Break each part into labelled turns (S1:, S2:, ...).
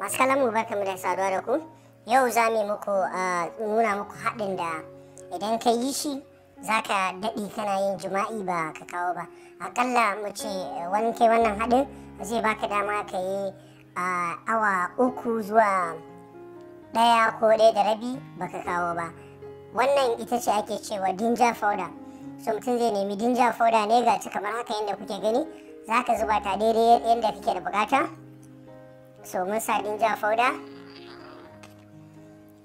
S1: masu kalamu barkamu da saduwa da ku yau za mu muku nuna muku haɗin da idan ka yi shi za ka daɗe kana yin jima'i ba ka kawo ba akalla mu ce eh, wani kai wannan haɗin zai baka dama ka yi awa uku zuwa ɗaya ko ɗaya da rabi ba ka kawo ba wannan ita ce ake cewa dinja fauda so mutum zai nemi dinja fauda ne ga kamar haka yadda kuke gani za ka zuba ta daidai yadda kake da bukata so mun sa ginger fauda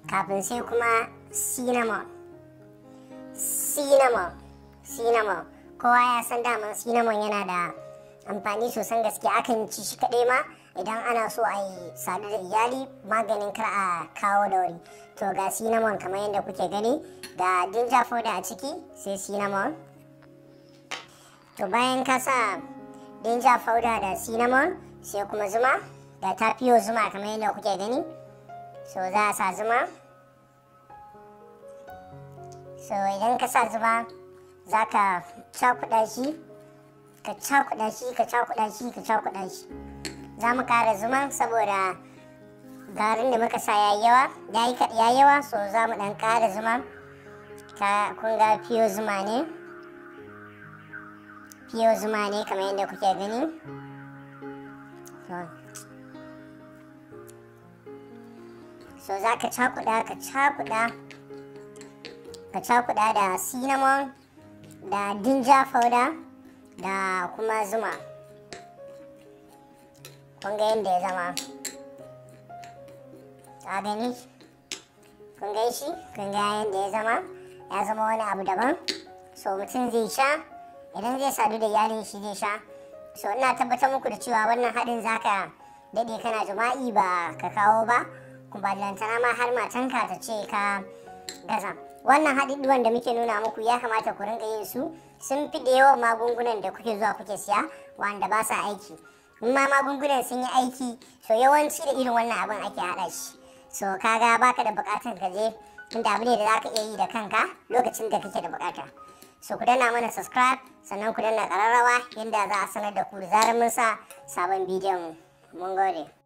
S1: kafin sai kuma cinnamon cinnamon cinnamon kowa ya san daman cinnamon yana da amfani sosan gaske akan ci shi kaɗai ma idan ana so a yi sadu da iyali maganin kar a kawo da wuri to ga cinnamon kamar yadda kuke gani da ginger powder a ciki sai cinnamon to bayan ka sa ginger powder da cinnamon sai kuma zuma da ta fiyo zuma kamar yadda kuke gani so za a sa zuma so idan ka sa zuma za ka cakuɗa shi ka cakuɗa shi ka cakuɗa shi ka cakuɗa shi za mu kara zuma saboda garin da muka sa ya yawa ya yi yawa so za mu ɗan kara zuma ta kun ga fiyo zuma ne fiyo zuma ne kamar yadda kuke gani so za ka cakuda ka cakuda ka cakuda da cinnamon da ginger powder da kuma zuma ga yadda ya zama gani kun shi kun yadda ya zama ya zama wani abu daban so mutum zai sha idan zai sadu da yalin shi zai sha so ina tabbatar muku da cewa wannan haɗin zaka daɗe kana jima'i ba ka kawo ba balantana ma har matanka ta ce ka gaza wannan duwan da muke nuna muku ya kamata ku rinka yin su sun fi da yawan magungunan da kuke zuwa kuke siya wanda ba sa aiki ma magungunan sun yi aiki so yawanci da irin wannan abin ake haɗa shi so kaga baka da buƙatar ka je inda abu ne da zaka iya yi da kanka lokacin da kake da buƙata so ku danna mana subscribe sannan ku danna ƙararrawa yadda za a sanar da ku da zarar mun sa sabon bidiyon mun gode